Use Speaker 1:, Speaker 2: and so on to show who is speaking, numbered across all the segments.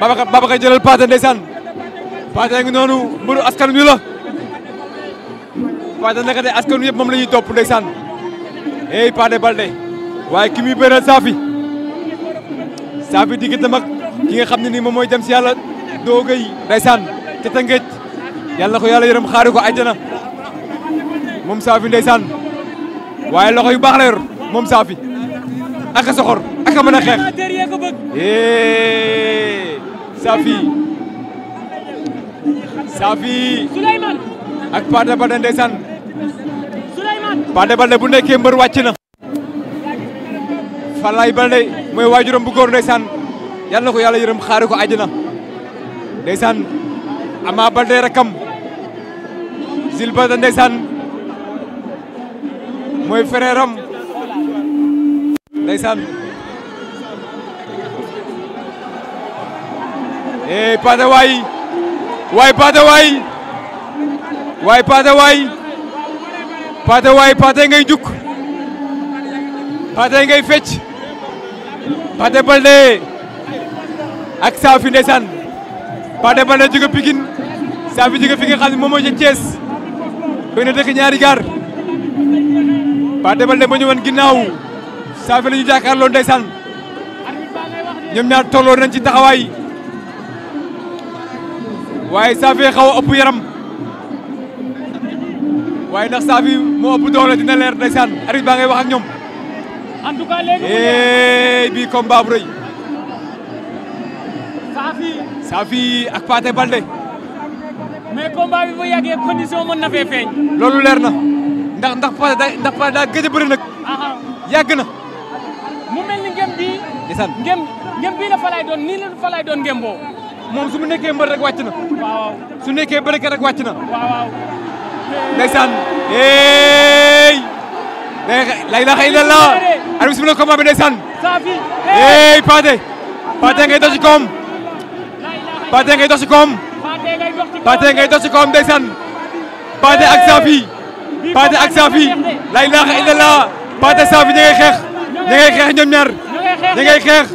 Speaker 1: Babacar Babacar jëlal Pathé ndeysaan Pathé ngi noonu mbëru askan wi la Pathé naka de askan wi yëpp moom la ñuy topp ndeysaan hey Pathé Baldé waaye ki muy saafi saafi diggante mag ki nga xam ne nii moom mooy dem si yàlla doogay ndeysaan te tëngeej yàlla na ko yàlla yërëm xaari ko àjjana moom saafi ndeysaan
Speaker 2: waaye loxo yu baax
Speaker 1: la yor moom saafi ak a soxor ak a mën a xeex eh, Safi Safi ak Pathé Baldé ndeysaan Pathé Baldé bu nekkee mbër wàcc na Falaye Baldé mooy waajuram bu góor ndeysaan yal ko yàlla yërëm xaari ko àjjana ndeysaan Ama Baldé rakam Zil Baldé ndeysaan mooy frère ndeysaan eh Pathé waay waay Pathé waay waay waay Pathé waay Pathé ngay juk Pathé ngay fecc Pathé Baldé ak Safi ndeysaan Pathé Baldé jóge Pikine Safi jóge fi nga xam ne moom dëkk ñaari gaar Pathé Baldé ba ñëwoon ginnaaw saafi la ñu jàkkaarloo ndeysaan ñoom ñaar tolloo nañ ci taxawaay waaye saafi xaw a yaram waaye ndax saafi moo ëpp doole dina leer ndeysaan arbitre baa ngay wax ak ñoom. en tout cas léegi eh bii combat bu saafi saafi ak Pathé Baldé. mais combat bi bu yàggee condition mën na fee feeñ. loolu leer na ndax ndax Pathé daa ndax Pathé daa gëj ah ah. yàgg na. ndeysaan ngem ngem bii la falaay doon nii la falaay doon ngem boo moom su nekkee mbër rek wàcc na waaw nekkee bërëke rek wàcc na waaw ndeysaan ey la ilaha illallah ar bismillah combat bi ndeysaan safi ey Pathé Pathé ngay dox ci koom Pathé ngay dox ci koom Pathé ngay dox ci koom ndeysaan Pathé ak Safi Pathé ak Safi la ilaha illallah Pathé Safi ña xeex ña xeex ñoom ñaar da ngay xeex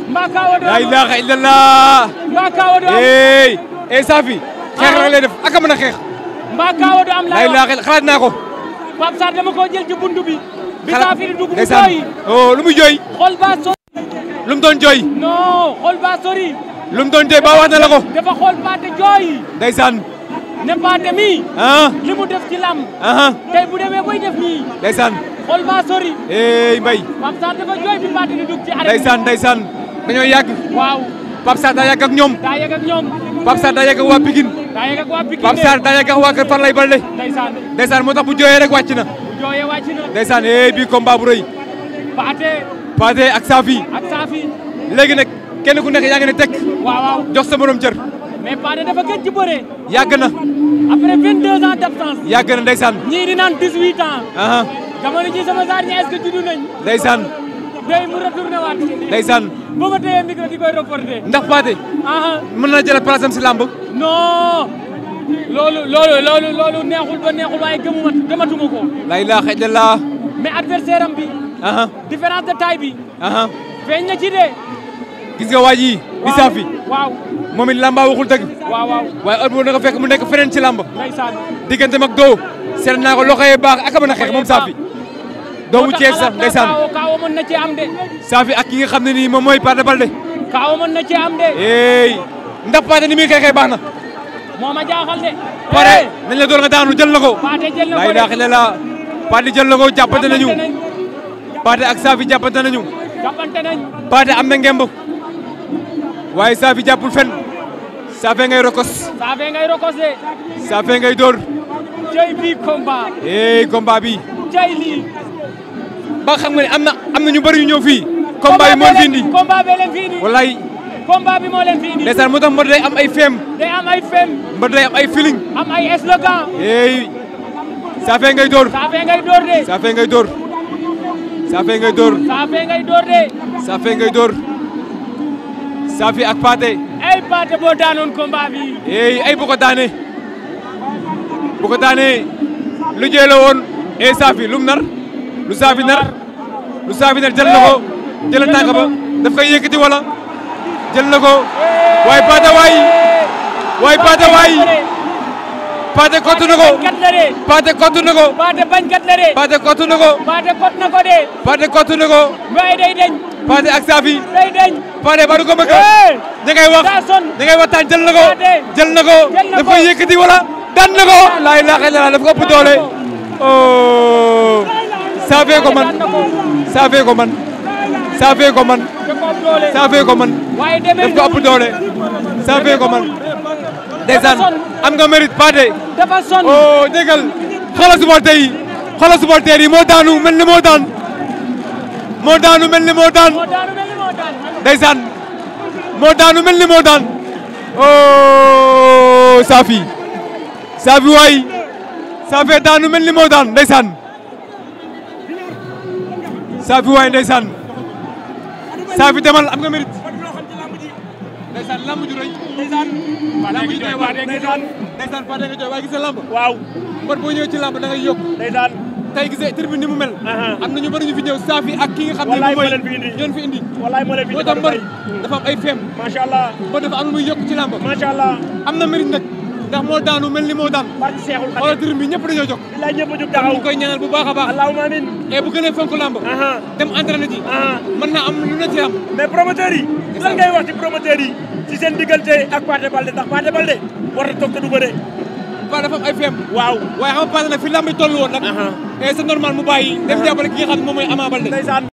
Speaker 1: la ilaha illallah ey ey Safi xeex rek lay def ak mën a xeex mbaa kaawa du am la ilaha illallah naa ko Pape Sarr dama ko jël ci buntu bi bi Safi di jooy oh lu muy jooy xol ba sori lu doon jooy non xol lu doon jooy ba wax na la ko dafa jooy ndeysaan ne paate mi ah. li def ci lam ah. tey bu demee koy def nii ndeysaan xool maa sori. hey Mbaye. Pape Sarr da jooy bi Pathé di dugg ci arène. ndeysaan ndeysaan dañoo yàgg. waaw Pape Sarr daa yàgg ak ñoom. daa yàgg ak ñoom. Pape Sarr daa yàgg ak waa Pikine. daa yàgg ak waa Pikine Pape Sarr daa yàgg ak waa Kër Farlay Balde. moo tax bu jooyee rek wàcc na. bu jooyee bii combat bu rëy. Pathé. ak Safi. ak Safi. kenn ku nekk yaa ngi ne teg. waaw waaw jox sa morom cër. mais Pathé dafa gëj ci bëre. yàgg na. après 22 ans d'absence. yàgg na jamono ji sama saar ñi est-ce que juddu nañ ndeysaan day mu retourné waat ndeysaan boo ma téyee micro di koy reporté ndax Pathé mën na jël place am si làmb non loolu loolu loolu loolu neexul ba neexul waaye gëmuma dematuma ko la ilaha illallah mais adversaire am bi différence de taille bi feeñ na ci de gis nga waa ji bi saafi waaw moom it lamba waxul dëgg waaw waaw waaye heure na ko fekk mu nekk feneen ci làmb ndeysaan diggante mag doo seet naa ko loxo yee baax ak a a doomu Thiès sax ndeysaan kaaw na cee am de saafi ak ki nga xam ne nii moom mooy Pathé Baldé kaaw mën na cee am de éy ndax Pathé ni muy xeexee baax na moo ma jaaxal de pare nañ la doon nga daanu jël na ko laay daaxi la laa jël na ko jàppante nañu Pathé ak saafi jàppante nañu jàppante nañ Pathé am na ngemb waaye saafi jàppul fen saafe ngay rokos saafe ngay rokos de saafe ngay dóor jëy bi combat éy ba xam nga ne am na am na ñu bëri ñu ñëw fii. combat bi moo fi indi combat bi leen fi indi. wallaay. combat bi moo leen fi indi. ndeysaan moo tax mbër day am ay feem. day am ay feem. mbër day am ay feeling. am ay slogan. hey. saafee ngay door. saafee ngay door de. saafee ngay door. saafee ngay door. saafee ngay door de. saafee ngay door. saafi ak paate. ay paate boo daanoon combat bi. hey ay bu ko daane. bu ko daane lu jëlee woon. hey saafi lum nar. Moussa Fidner Moussa Fidner jël na ko jël na tànk ba daf koy yëkkati wala jël na ko waaye Pathé waay waaye Pathé waay Pathé kottu na ko Pathé kottu na ko Pathé bañkat la de Pathé kottu na ko Pathé kott na ko de Pathé kottu na ko waaye day deñ Pathé ak Safi day deñ Pathé baru ko bëgg da ngay wax da ngay waxtaan jël na ko jël na ko daf koy yëkkati wala daan na ko laa ilaaha illallaah daf ko ëpp doole oh saafee ko man saafee ko man saafee ko man saafee ko man daf ko ëpp doole saafee ko man ndeysaan am nga mérite pate o oh, déggal xoola supporter yi xoola supporter yi moo daanu mel ni moo daan moo daanu mel ni moo daan ndeysaan moo daanu mel ni moo daan o oh, saafi saafi waay saafee daanu mel ni moo daan ndeysaan Safi waay ndeysaan Safi demal am nga mérite. ndeysaan lamb ju rëy. ndeysaan lamb ju doy waar ndeysaan. ndeysaan Fatick nga jooy waaye gis nga lamb. waaw mbër boo ñëwee ci lamb da ngay yokk. ndeysaan tey gisee tribune mu mel. am na ñu bëri ñu fi ñëw Safi ak ki nga xam ne moom mooy ñoon fi indi. wallaay moo leen fi indi moo tax mbër am ay feem. macha allah mbër dafa muy yokk ci lamb. macha allah am na mérite nag. ndax moo daanu mel ni moo daan xoolal dërëm bi ñëpp dañoo jóg ñu koy ñaanal bu baax a baax allahumma amin et eh, bu gënee fonk làmb dem entraîné ji mën naa am lu ne ci am mais promoteurs yi lan ngay wax ci promoteurs ak Pathé Baldé ndax Pathé Baldé war na toog bëre pa dafa ay feem waaw waaye xam nga fi làmb toll woon nag et eh, c'est normal mu bàyyi dem jàppale ki nga xam ne moom